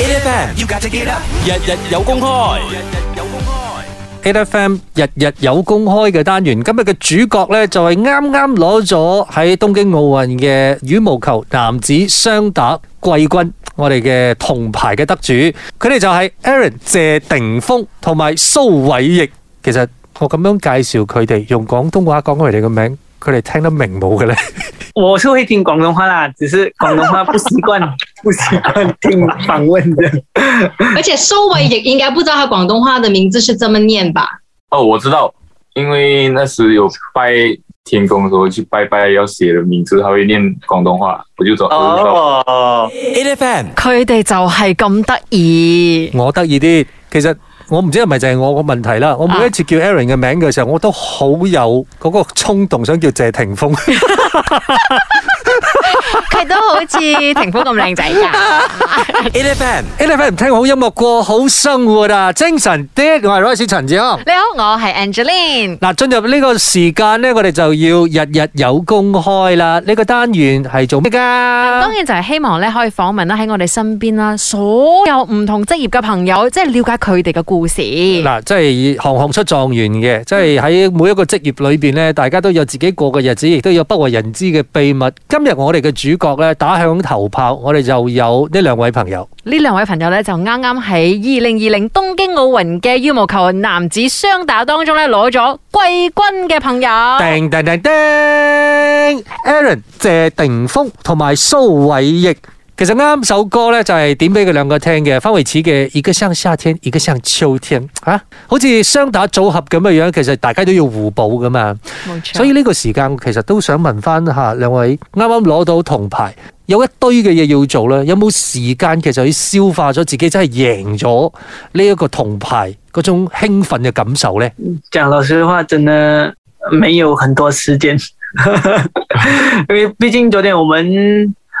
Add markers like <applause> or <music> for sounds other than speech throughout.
A F M 要架隻機啦，日日有公開，A F M 日日有公開嘅單元。今日嘅主角咧就係啱啱攞咗喺東京奧運嘅羽毛球男子雙打季軍，我哋嘅銅牌嘅得主，佢哋就係 Aaron 謝定峰同埋蘇偉譯。其實我咁樣介紹佢哋，用廣東話講佢哋嘅名。佢哋聽得明冇嘅咧？我是會聽廣東話啦，只是廣東話不習慣， <laughs> 不習慣聽訪問嘅。 <laughs> 而且 s o 也應該不知道他廣東話的名字是這麼念吧？哦，我知道，因為那時有拜天公的時候去拜拜，要寫的名字，他會念廣東話，我就走。哦，Elephant，佢哋就係咁得意，我得意啲，其實。我唔知係咪就係我個問題啦，我每一次叫 Aaron 嘅名嘅時候，我都好有嗰個衝動想叫謝霆鋒。 <laughs> <laughs> 佢都好似霆鋒咁靚仔噶！Elephant，Elephant 唔聽好音樂過好生活啊，精神啲！我係 Rose，陳子康，你好，我係 Angeline。嗱，進入呢個時間咧，我哋就要日日有公開啦。呢個單元係做咩噶？當然就係希望咧，可以訪問啦，喺我哋身邊啦，所有唔同職業嘅朋友，即係了解佢哋嘅故事。嗱，即係行行出狀元嘅，即係喺每一個職業裏邊咧，大家都有自己過嘅日子，亦都有不為人知嘅秘密。今日我哋嘅主角咧打響頭炮，我哋就有呢兩位朋友。呢兩位朋友咧就啱啱喺二零二零東京奧運嘅羽毛球男子雙打當中咧攞咗季軍嘅朋友。叮叮叮叮，Aaron 謝定峰同埋蘇偉譯其實啱首歌咧就係點俾佢兩個聽嘅，范瑋琪嘅一個像夏天，一個像秋天、啊、好似雙打組合咁嘅樣。其實大家都要互補噶嘛冇錯，所以呢個時間其實都想問翻吓兩位啱啱攞到銅牌，有一堆嘅嘢要做啦，有冇時間其實去消化咗自己真係贏咗呢一個銅牌嗰種興奮嘅感受咧？講老實話，真係沒有很多時間，因 <laughs> 為畢竟昨天我們。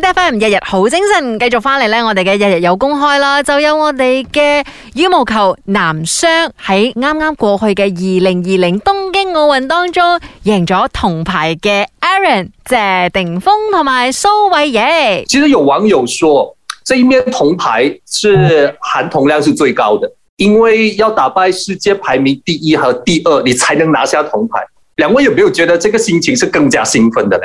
大家翻日日好精神，繼續翻嚟咧。我哋嘅日日有公開啦，就有我哋嘅羽毛球男雙喺啱啱過去嘅二零二零東京奧運當中贏咗銅牌嘅 Aaron 謝定峰同埋蘇偉譯。其實有網友說，這一面銅牌是含銅量是最高的，因為要打敗世界排名第一和第二，你才能拿下銅牌。兩位有沒有覺得這個心情是更加興奮的呢？